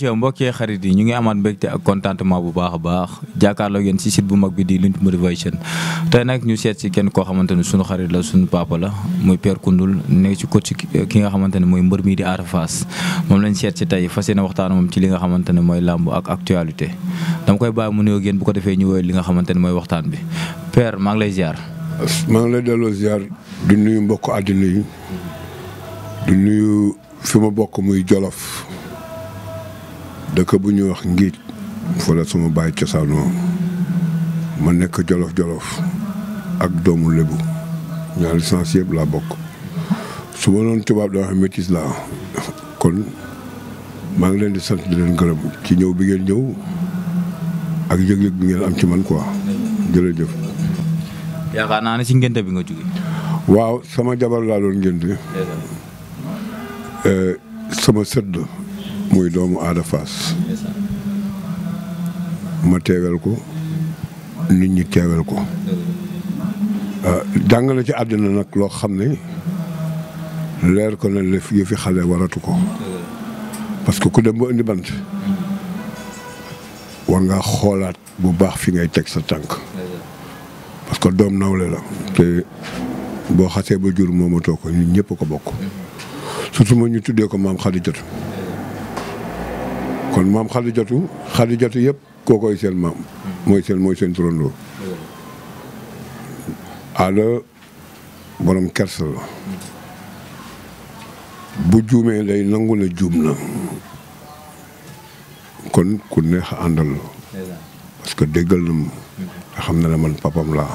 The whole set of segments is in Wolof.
ci yow mbokk yi xarit yi ñu ngi amat mbégte ak contentement bu baax baax jàkkaarloo yeen ci site bu mag bi di Lutte Motivation tay nak ñu sét ci kenn ko xamanteni suñu xarit la suñu papa la muy Père kundul ne ci ko ci ki nga xamanteni muy mbeur mi di arfas mom lañ sét ci tay fasiyena waxtaan mom ci li nga xamanteni moy lamb ak actualité dam koy baay mu nuyoo génn bu ko defé ñu woy li nga xamanteni moy waxtaan bi Père ma ngi lay ziar. ma ngi lay delloo ziar di nuyu mbokk adina yi di nuyu fi ma bokk muy Jolof dëkk bu ñuy wax ngiit fa la sama baay cosaanoo ma nekk jolof jolof ak doomu lébu ñaar licence yëpp laa bokk su ma doon tubaab dama xam métis laa kon maa ngi leen di sant di leen ci ñëw bi ngeen ñëw ak yëg bi ngeen am ci man quoi jërëjëf. yaakaar naa ne ci ngénte bi nga jóge waaw sama jabar laa doon ngénte eh, sama sëdd muy doomu Ada Fass ma teewel ko nit ñi teewel ko ah, jàngale ci àddina nag loo xam ne leer ko ne lef yëfi xale waratu ko parce que ku dem ba indi bant war nga xoolaat bu baax fi ngay teg sa tànk parce que doom nawle la te boo xasee ba jur moomatoo ko ñun ñëpp ko bokk surtout ñu tuddee ko maam Xadi jot kon maam xadi jotu xadi jotu yëpp kookoy seen maam. mooy seen mooy seen turandoo. aada borom kersa la. bu juumee day nangu na juum na. kon ku neex a àndal la. que déggal na mu. xam ne man papam laa.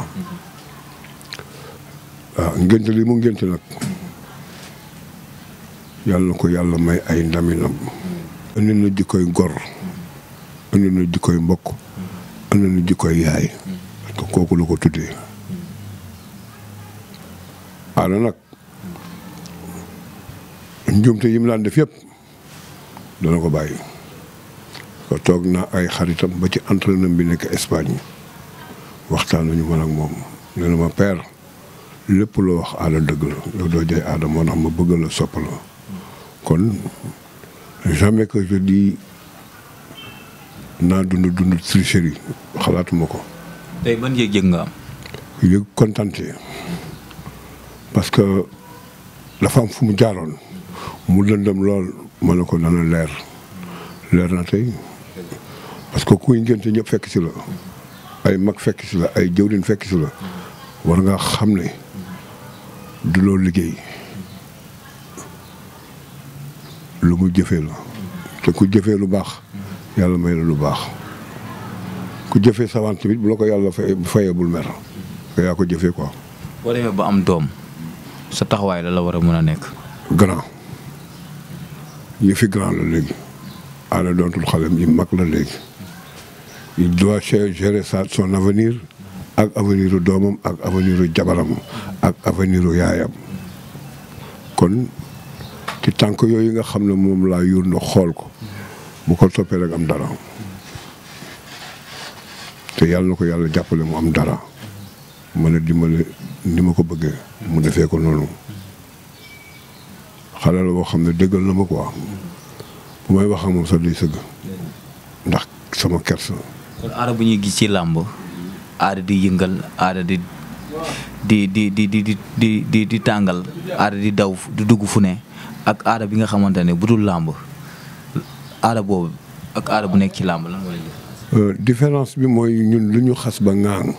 Ah, waaw ngént li mu ngént nag. yàlla na ko yàlla may ay ndaminam. indi nu jikkoy gor indi nu jikkoy mbokk indi nu jikkoy yaay parce que kooku la ko tuddee ana nag njumte yim laan def yépp dana ko bàyyi ko toog na ay xaritam ba ci entraîneur bi nekk Espagne waxtaan nañu man ak moom nee na ma père lépp loo wax aada dëgg la yow doo jay aada moo tax ma bëgg la sopp kon jamais que je dis naa dund dund tricherie xalaatuma ko. tey man yëg-yëg nga am. yëg parce que dafa fu mu jaaroon mu lëndëm lool ma ne ko dana leer leer na tey parce que kuy ngénte ñëpp fekk si la ay mag fekk si la ay jëwriñ fekk si la war nga xam ne du loolu liggéey lu mu jëfee la te ku jëfee lu baax yàlla may la lu baax ku jëfee savant tamit bu la ko yàlla fayee bul mer yaa ko jëfee ko boo demee am doom sa taxawaay la la war a mën a nekk. grand yëfi grand la léegi aada doontul xale yi mag la léegi il doit gérer sa son ak aveniru doomam ak aveniru jabaram ak aveniru yaayam kon. te tànk yooyu nga xam ne moom laa yónn xool ko mu ko toppee rek am dara te yàlla na ko yàlla jàppale mu am dara mën a dimbale ni ma ko bëggee mu defee ko noonu xale la boo xam ne dëggal na ma quoi bu may wax ak moom sax day sëgg ndax sama kersa. kon aada bu ñuy gis ci làmb aada di yëngal aada di. di di di di di di di di ada di daw di dugg fu ne ak ada bi nga xamantene ne lamb ada làmb ak ada bu nekk ci lan euh, différence bi moy ñun luñu xass ba ŋaang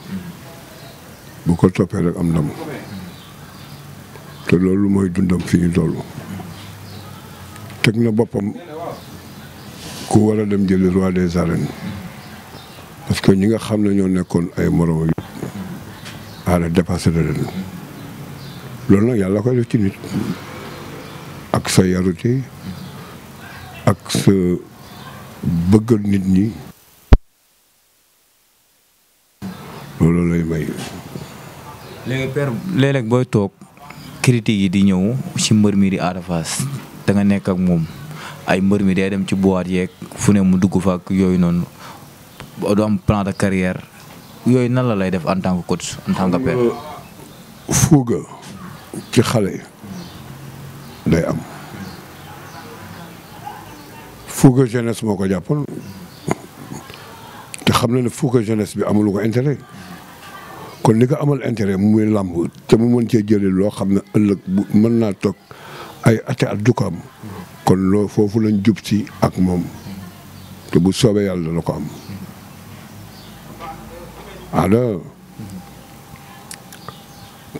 bu ko topé rek am ndam te lolu moy dundam fi ñu tollu teg na boppam ku war dem jël roi des arènes parce que ñi nga xam ñoo nekkon ay morom aada dépassé na leen loolu nag yàlla koy def ci nit ak sa yarute ak sa bëggal nit ñi loolu lay may. léegi booy toog critique yi di ñëw ci mbër mi di Ada Fass da nga nekk ak moom ay mbër mi day dem ci boîte yeeg fu ne mu dugg fa ak yooyu noonu du am plan de carrière. yooyu nan la lay def en tant que coach en tant que ci xale day am fuuga jeunesse moo ko jàppoon te xam na ne fuuga jeunesse bi amulu ko intérêt kon ni ko amal intérêt mu muy làmb te mu mën cee jëlee loo xam ne ëllëg bu mën naa toog ay ate at du ko am kon loo foofu lañ jub si ak moom te bu soobee yàlla la ko am. Alors,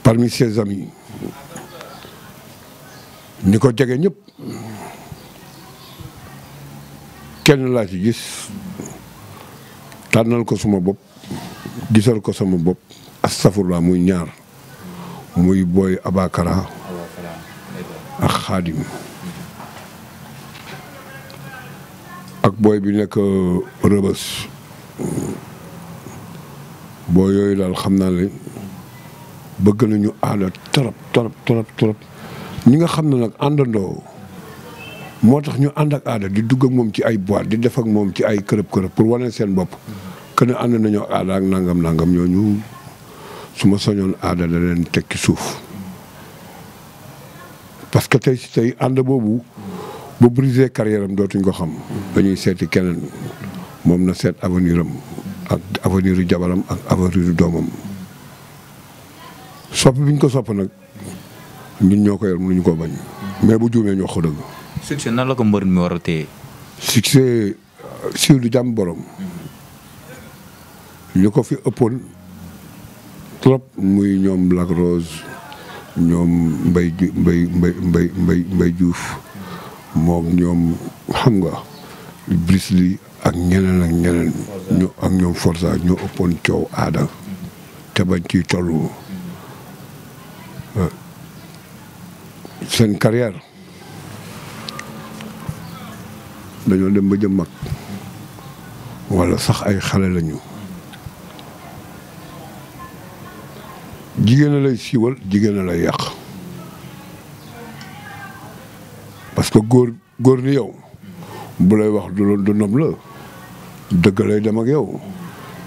parmi ses amis ñi ko jege ñëpp kenn laa ci gis tànnal ko suma bopp gisal ko sama bopp astafurla muy ñaar muy booy abakara ak xaadim ak booy bi nekk rëbës boo yooyu daal xam naa ne bëgg nañu aada trop trop trop trop ñi nga xam ne nag àndandoo moo tax ñu ànd ak aada di dugg moom ci ay boîte di def ak moom ci ay kërëb kërëb pour wane seen bopp kën a ànd nañoo aada ak nangam nangam ñooñu su ma soñoon aada da leen tekki suuf parce que tey si tey ànd boobu bu brisé carrière am dootuñ ko xam dañuy seeti keneen moom na seet avenir am ak avenir u jabaram ak avenir u doomam sopp bi ñu ko sopp nag ñun ñoo ko yor mënuñu koo bañ mais bu juumee ñu wax ko dëgg. succès la ko mbër mi war a téye. succès sur du jàmm borom. ñu ko fi ëppoon trop muy ñoom Lac Rose ñoom Mbaye Mbaye Mbaye Mbaye Mbaye Diouf moom ñoom xam nga. Bruce Lee ak ñeneen ak ñeneen ñu ak ñoom Forza ñoo ëppoon coow aada te bañ ciy tollu ah. seen carrière dañoo dem ba jëm mag walla sax ay xale lañu jigéen a lay siiwal jigéen a lay yàq parce que góor góor ni yow bu lay wax du du nob la dëgg lay dem ak yow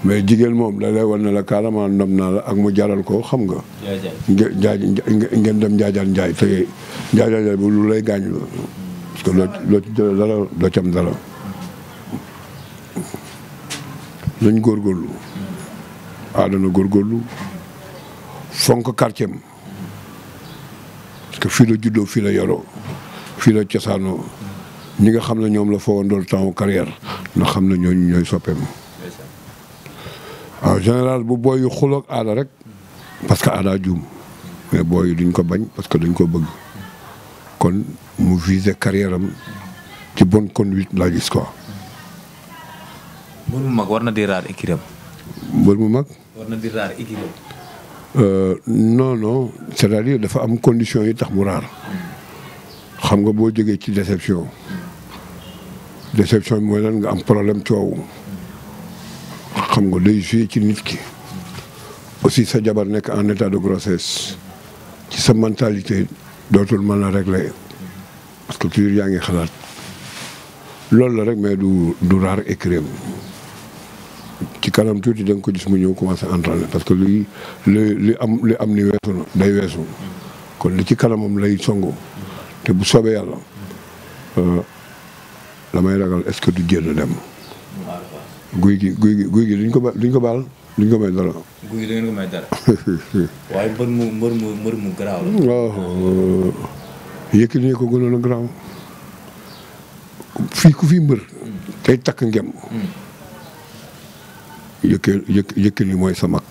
mais jigéen moom da lay wan la carrément nob naa la ak mu jaral ko xam nga. jaajaan ngeen dem jaajaan njaay te jaajaan njaay lay gaañ la. parce que loo ci jëlee dara doo ci am dara. nañ góorgóorlu. aadana góorgóorlu. fii la juddoo fii la yoroo fii la cosaanoo. ñu ngi xam ne ñoom la foogoon doon temps carrière na xam na ñooñu ñooy soppeem. en général bu booy yu xuloog aada rek parce que aada juum mais booy yi duñ ko bañ parce que dañ ko bëgg kon mu viser carrière am ci bonne conduite laa gis quoi. mbër war na di raar mu mag. war na di euh, non non c'est-à-dire dafa am condition yi tax mu raar xam nga boo jógee ci déception. déception bi mooy lan nga am problème coow xam nga day joué ci nit ki aussi sa jabar nekk en état de grossesse ci sa mentalité dootul mën a régler parce que toujours yaa ngi xalaat loolu rek mais du du rare écrit ci kanam tuuti da ko gis mu ñëw commencé entraîner parce que li li am li am ni weesu day weesu kon li ci kanamam lay songu te bu soobee yàlla. Euh, la may ragal est-ce que du génn dem. guy gi guy gi guy duñ ko ba duñ ko baal duñ ko may dara. waaye mbër mu mbër mu mbër la. waaw Yékini ne ko gënoon a garaaw fii ku fi mbër. tey takk ngem. Yékini Yékini mooy sa mag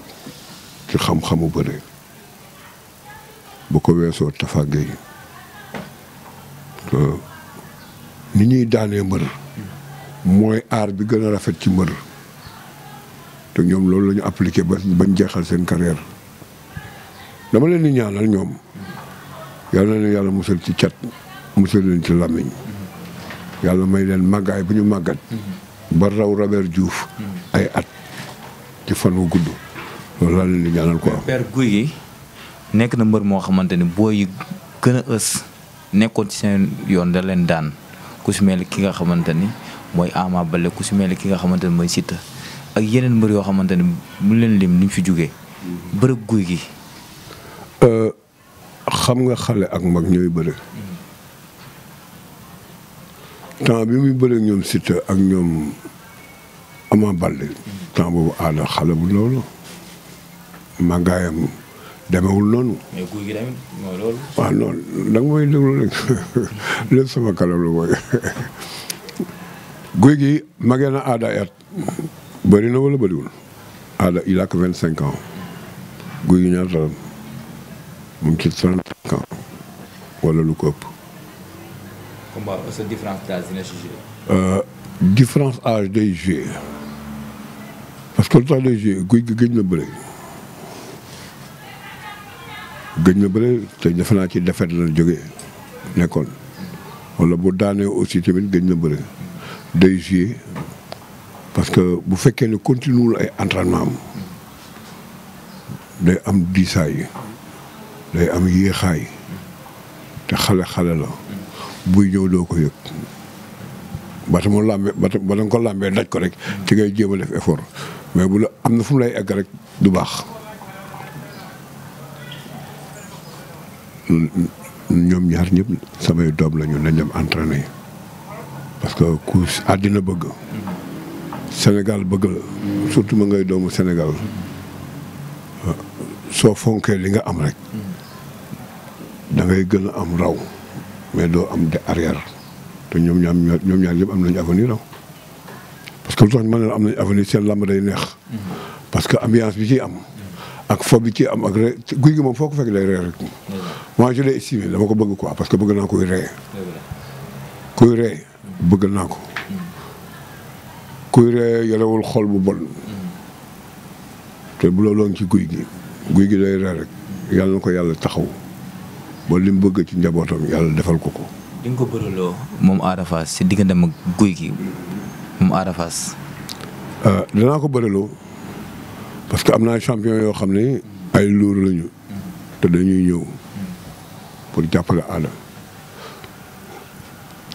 ci xam-xamu bëre bu ko weesoo Tafa Gueye ni ñuy daanee mbër mooy aar bi gën a rafet ci mbër te ñoom loolu la ñu appliqué ba bañ jeexal seen carrière dama leen di ñaanal ñoom yàlla na yàlla musal ci cat musal leen ci làmmiñ yàlla may leen màggaay bu ñu màggat ba raw Robert Diouf ay at ci fan wu gudd loolu laa leen di ñaanal ko am guy gi nekk na mbër moo xamante ni booy yi gën a ës nekkoon ci seen yoon da leen daan ku si mel ki nga xamante ni mooy Ama bale ku si mel ki nga xamante ni mooy Siteu ak yeneen mbër yoo xamante ni mu leen lim ni mu fi jógee bërëb guy gi euh, xam nga xale ak mag ñooy bëre temps bi muy bëre ñoom Siteu ak ñoom Ama Baldé temps boobu aada xale bu loolu màggaayam demewul noonu. mais guy gi tamit mooy loolu. waaw loolu da nga may gi magee na aada at bëri na wala bëriwul aada il a que vingt cinq ans guy gi ñaata mu ngi ci trente cinq ans wala lu ko ëpp. combat sa différence d'âge dina ci jouer. Euh, différence d'âge day que lu guy gi na bëri. gëj na bëre te defe naa ci defet la jóge nekkoon wala bu daanee aussi tamit gëj na bëre day jouer parce que bu fekkee ne continuewul ay entraînement am day am diisaay day am yéexaay te xale-xale la buy ñëw doo ko yëg bata mu làmbee bata ba danga ko làmbee daj ko rek ci gay jéem a def effort mais bu la am na fu mu lay egg rek du baax ñom ñaar ñep sama doom lañu nañ dem entraîné parce que ku adina bëgg sénégal bëgg la surtout ma ngay doomu sénégal so fonké li nga am rek da ngay gën am raw mais do am de arrière te ñom ñam ñom ñaar ñep am nañu avenir raw parce que lu tax ma am nañu avenir seen lamb day neex parce que ambiance bi ci am ak fo bi ci am ak re guy gi moom foo ko fekk day ree rek. moi je l'ai estimé dama ko bëgg quoi parce que bëgg naa koy ree. kuy bëgg naa ko. kuy ree yorewul xol bu bon. te bu looloon ci guy gi guy gi day ree rek yàlla na ko yàlla taxaw ba li bëgg ci njabootam yàlla defal ko ko. di ko bëraloo moom Ada Fass si diggante ak guy gi moom Ada euh, danaa ko bëraloo. parce que amna champion yo xam ay lour lañu té dañuy ñëw pour jàppale ala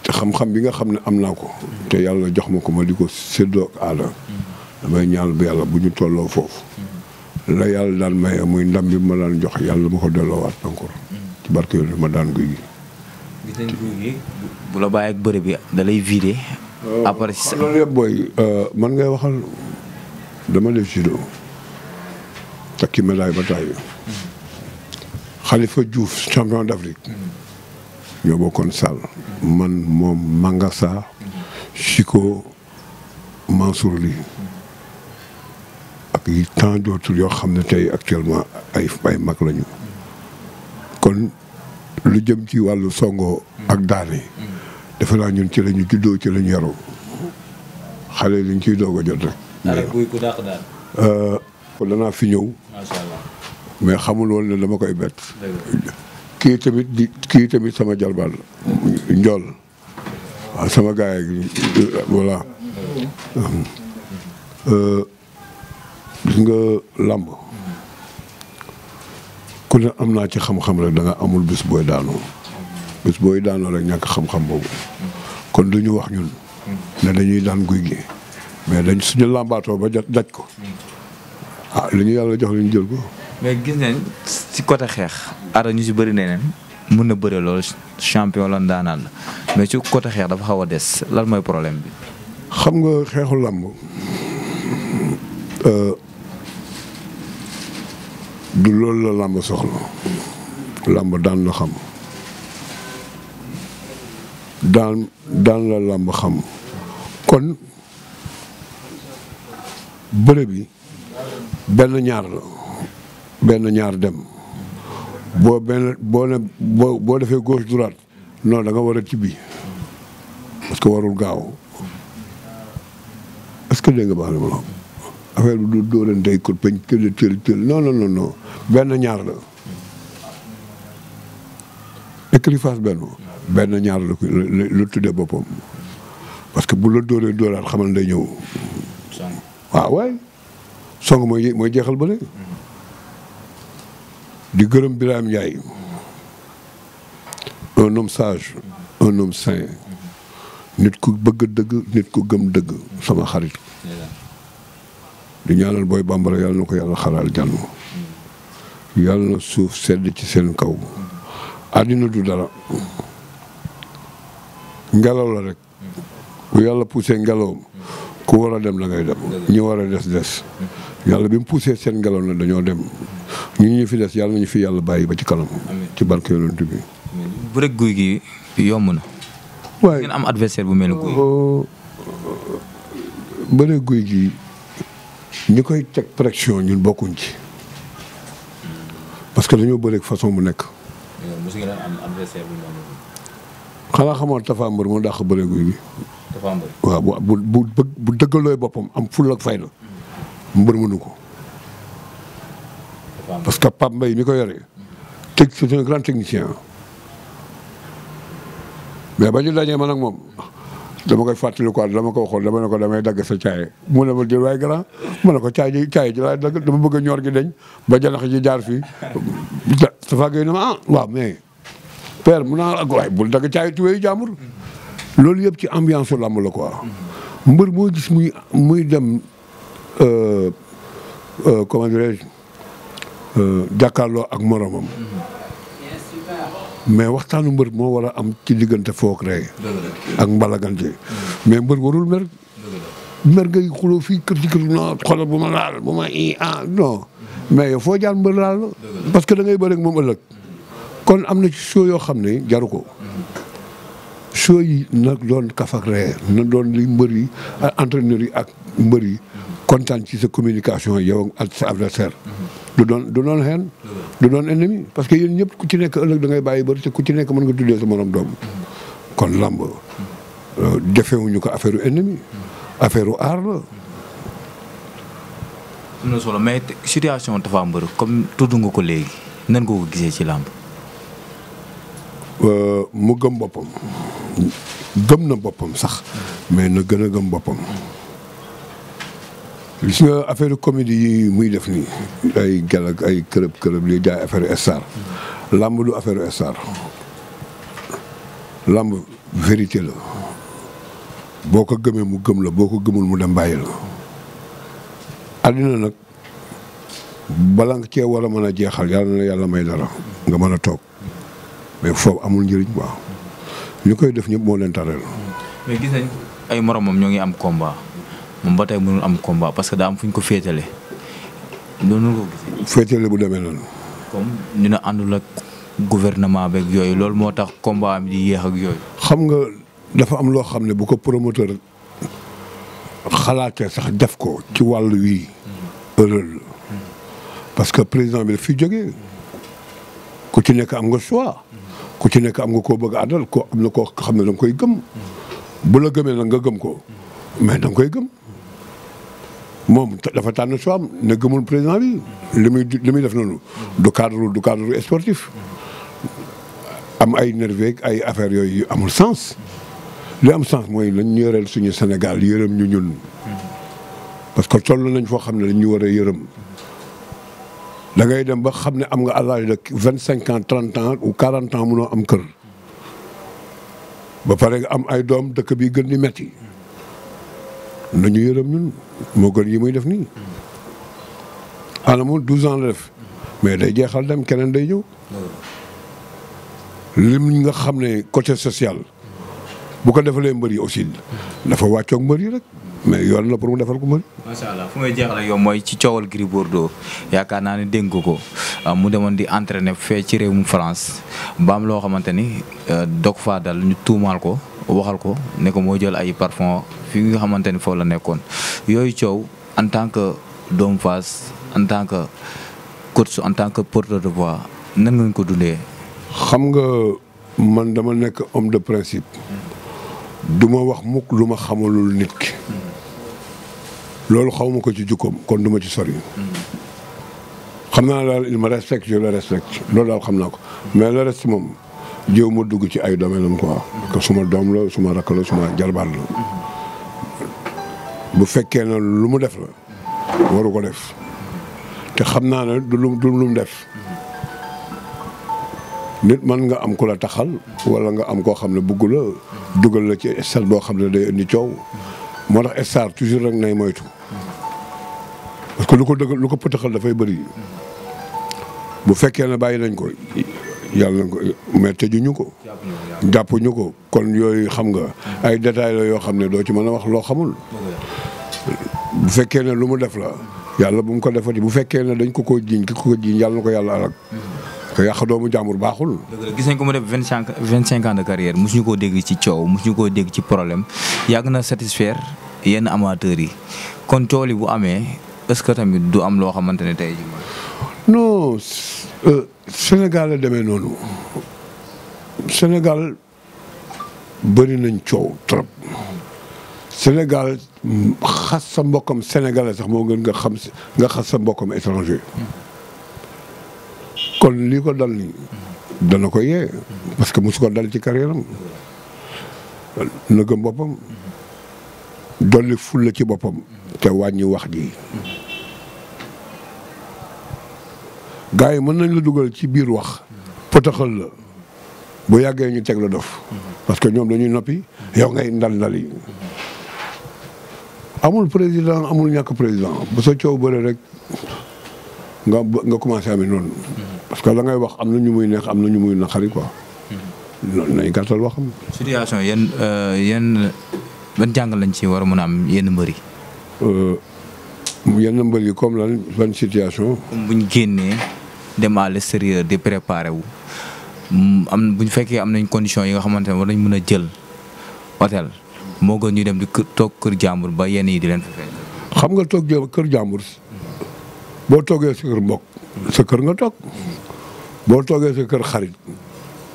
té xam-xam bi nga xam amna ko té yalla jox mako ma diko seddo séddoo ak aada damay ñaan ba yàlla bu ñu tolloo foofu la yalla daan may muy ndam bi ma daan jox yalla mako delo wat encore ci barke yooyu ma daan guy bu la bàyyi ak bëre bi da euh, après euh, man ngay waxal dama def takki médaille ba taay Khalifa Diouf champion d'Afrique ñoo bokkoon salle man moom Mangasa Chico Mansour Ly ak yi tant d'autres yoo xam ne tey actuellement ay ay mag lañu kon lu jëm ci wàllu songo ak daane defe naa ñun ci lañu juddoo ci lañu yaroo xale liñ ciy doog a rek. kon danaa fi ñëw. macha mais xamul woon ne dama koy bett. kii tamit di kii tamit sama jalbaal njool sama gaay yi voilà. Euh, nga làmb kon ne am naa ci xam-xam rek danga amul bés booy daanoo bés booy daanoo rek ñàkk xam-xam boobu kon du ñu wax ñun ne dañuy daan guy gi mais dañ suñu làmbaatoo ba jot daj ko ah lu ñu yàlla jox lu ñu jël ko. mais gis nañ ci côté xeex. aada ñu si bëri nee neen mën na bëre lool champion lan daanaan la mais ci côté xeex dafa xaw a des lan mooy problème bi. xam nga xeexu làmb euh, du loolu la làmb soxla làmb daan la xam daan la làmb xam kon bëre bi. benn ñaar la benn ñaar dem boo benn boo ne boo boo defee gauche droite non da war a tibbi parce que warul gaaw est-ce que dégg nga baax na ma affaire bi du dóorante ko peñ tël tël tël non non non non benn ñaar la écrit face benn benn ñaar la lu tuddee boppam parce que bu la dóoree dóoraat xamal day ñëw waaw ah waay song mooy mooy jeexal bële di gërëm Birame yaay un homme sage un homme saint nit ku bëgg ku gëm dëgg sama xarit di ñaanal booy bambara yàlla nu ko yàlla xalaal jànn yàlla na suuf sedd ci seen kaw àddina du dara ngelaw la rek bu yàlla poussé ngelawam ku war a dem da ngay dem ñi war a des des yàlla bi mu poussé seen ngelaw na dañoo dem ñu ñu fi des yàlla nañu fi yàlla bàyyi ba ci kanam. ci barke yonent bi. bëre guy gi yomb waaye ngeen am adversaire bu mel ni guy. Oh. guy gi ñi koy teg pression ñun bokkuñ ci parce que dañoo bëreeg façon bu nekk. mosu xanaa xamoon Tapha Mbeur moo dàq bëre guy gi. Tapha Mbeur waaw bu bu bu dëggalooy boppam am ful ak fayda mu mënu ko. parce que Pape Mbaye mi koy yore. teg c'est un grand technicien. mais ba ñu dajee man ak moom dama koy fàttali quoi dama ko waxoon dama ne ko damay dagg sa caay mu ne ma jël waaye grand mu ne ko caay caay ji laay dagg dama bëgg a ñor gi deñ ba janax ji jaar fii Tafa Gueye ne ma ah waaw mais père mu naa ak waay bul dagg caay tuwee jàmbur loolu yëpp ci ambiance lamb la quoi mbër moo gis muy muy dem Euh, euh, comment dirais-je euh, jàkkaarloo ak moromam. mais waxtaanu mbër moo war am ci diggante foog rek. ak mbalagante mais mbër warul mer. mer ngay xuloo fii kër ci kër non xoolal bu ma laal bu ma i ah non. mais yow foo jaar mbër laal la. parce que da ngay bëri moom kon am na ci show yoo xam ne jaru ko. show yi nag doon kaf ak ree na doon li mbër yi entraîneur yi ak mbër yi. kontaan ci sa communication yow ak sa adversaire du don du doon hen du don ennemi parce que yeen ñep ku ci nek ëllëg da ngay bàyyi beur te ku ci nek mën nga tuddé sa morom dom kon lamb defé euh, wuñu ko affaireu ennemi affaireu aar la na solo mais situation dafa mbeur comme tuddu nga ko légui nan nga ko gisé ci lamb euh mu gëm bopam gëm na bopam sax mais na gëna gëm bopam si nga affaire comédie yi muy def nii ay galak ay kërëb kërëb li jaay affaire star làmb du affaire star làmb vérité la boo ko gëmee mu gëm la boo ko gëmul mu dem bàyyi la nag bala nga cee war a mën a jeexal yàlla na yàlla may dara nga mën a toog mais foofu amul njëriñ waaw ñu koy def ñëpp moo leen tareel mais gis nañ ñoo ngi am combat moom ba tey am combat parce que daa fu ñu ko féetale noonu ko bu demee noonu. comme ñu ne àndul ak gouvernement beeg yooyu loolu moo tax combat am di yéex ak yooyu. xam nga dafa am loo xam ne bu ko promoteur xalaatee sax def ko ci wàll wii. erreur parce que président bi daf fi jógee ku ci nekk am nga choix. ku ci nekk am nga koo bëgg a àndal ko am na ko xam ne da koy gëm. bu la gëmee nag nga gëm ko mais da koy gëm. moom dafa tànn soo na gëmul président bi li muy li muy def noonu du cadre du cadre sportif am ay nerveux ay affaires yooyu amul sens li am sens mooy lañ ñu yoreel suñu senegal yërëm ñu ñun parce que toll nañ foo xam ne dañ ñu war yërëm da ngay dem ba xam ne am nga à l'âge vingt cinquante ans trente ans ou quarante ans munoo am kër ba pare am ay doom dëkk bi gën di metti nañu yërëm ñun moo gën yi muy def nii. Adama 12 ans la def mais day jeexal dem keneen day ñëw. lim nga xam ne côté sociale bu ko defalee mbër yi aussi dafa wàccook mbër yi rek mais yoon la pour mu defal ko mbër. macha allah fu may jeexal ak mooy ci coowal Gris Bordeaux yaakaar naa ne dégg ko ah, mu demoon di entraîner fee ci réewum France ba am loo xamante ni euh, dog faa dal ñu tuumaal ko. waxal ko ne ko moo jël ay parfum fi nga xamante ni foofu la nekkoon yooyu coow en tant que doomu Fass en tant que coach en tant que porteur de voix nan nga ko dundee. xam nga man dama nekk homme de principe. du ma wax mukk lu ma xamalul nit ki. loolu xawma ko ci jukkoom kon du ma ci sori. xam naa daal il ma respecte je le respecte loolu daal xam naa ko mais le reste moom. jéew ma dugg ci ay domaine am quoi. que suma doom la suma rakk la suma jarbaat la. bu fekkee na lu mu def la. waru ko def. te xam naa ne du lu lu mu def. nit man nga am ku la taxal wala nga am koo xam ne bugg la dugal la ci star boo xam ne day indi coow moo tax star toujours rek nay moytu parce que lu ko dëgg lu ko pëtaxal dafay bëri bu fekkee ne bàyyi nañ ko yàlla na ko mais ñu ko. jàppuñu ko kon yooyu xam nga. ay détails la yoo xam ne doo ci mën a wax loo xamul. bu fekkee ne lu mu def la. yàlla bu mu ko defati bu fekkee ne dañ ko ko jiiñ ki ko jiiñ yàlla na ko yàlla alak ko yàq doomu jàmbur baaxul. gis nañ ko mu def vingt cinq vingt cinq ans de carrière mosu ñu ko dégg ci coow mosu ñu koo dégg ci problème yàgg na satisfaire yenn amateurs yi kon tool yi bu amee est-ce que tamit du am loo xamante ne tey Sénégal deme demee noonu Sénégal bëri nañ coow Sénégal xas sa mbokkam sénégalais sax moo gën nga xam nga xas sa mbokkam étranger kon li ko dal ni dana ko yee parce que mosu dal ci carrière am na gëm boppam dolli fulla ci boppam te wàññi wax ji gars yi mën nañ la dugal ci biir wax potaxal la bu yàggee ñu teg la dof parce que ñoom dañuy noppi yow ngay ndal ndal amul président amul ñàkk président bu sa coow bëre rek nga nga commencé amee noonu parce que la ngay wax am na ñu muy neex am na ñu muy naqari ko loolu nañ gàttal waxam. situation yéen euh, yéen ban jàng lañ ci war a mën am yenn mbër yi. Euh, yenn mbër yi comme lan ban situation. buñ génnee. dem à l'extérieur di préparer wu mm, am bu fekkee am nañ conditions yi nga xamante ne war nañ mën a jël hôtel moo gën ñu dem di toog kër jàmbur ba yen yi di leen xam nga toog kër jàmbur boo toogee sa kër mbokk sa kër nga toog boo toogee kër xarit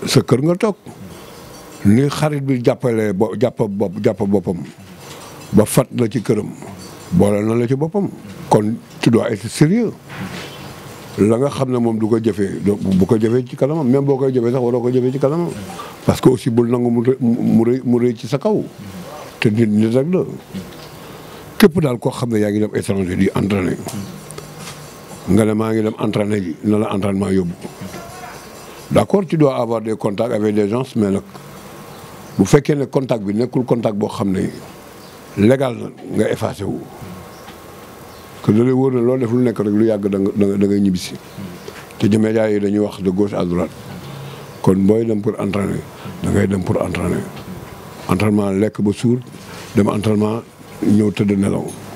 sa kër nga toog ni xarit bi jàppalee bo jàpp bopp jàpp boppam ba fat la ci këram boole na la ci boppam kon tu dois être sérieux la nga xam ne moom du ko jëfee bu ko jëfee ci kanamam même boo koy jëfee sax waroo ko jëfee ci kanamam parce que aussi bul nangu mu rëy mu rëy ci sa kaw te nit nit rek la képp daal koo xam ne yaa ngi dem étranger di entraîné nga ne maa ngi dem entraîné ji na la entraînement yóbbu d'accord tu dois avoir des contacts avec des gens mais nag bu fekkee ne contact bi nekkul contact boo xam ne légal na nga effacé wu kon da lay na ne loolu def lu nekk rek lu yàgg da nga da ngay ñibbisi te ci médias yi dañuy wax de gauche à droite kon booy dem pour entraîner da ngay dem pour entraîner entraînement lekk ba suur dem entraînement ñëw tëdd nelaw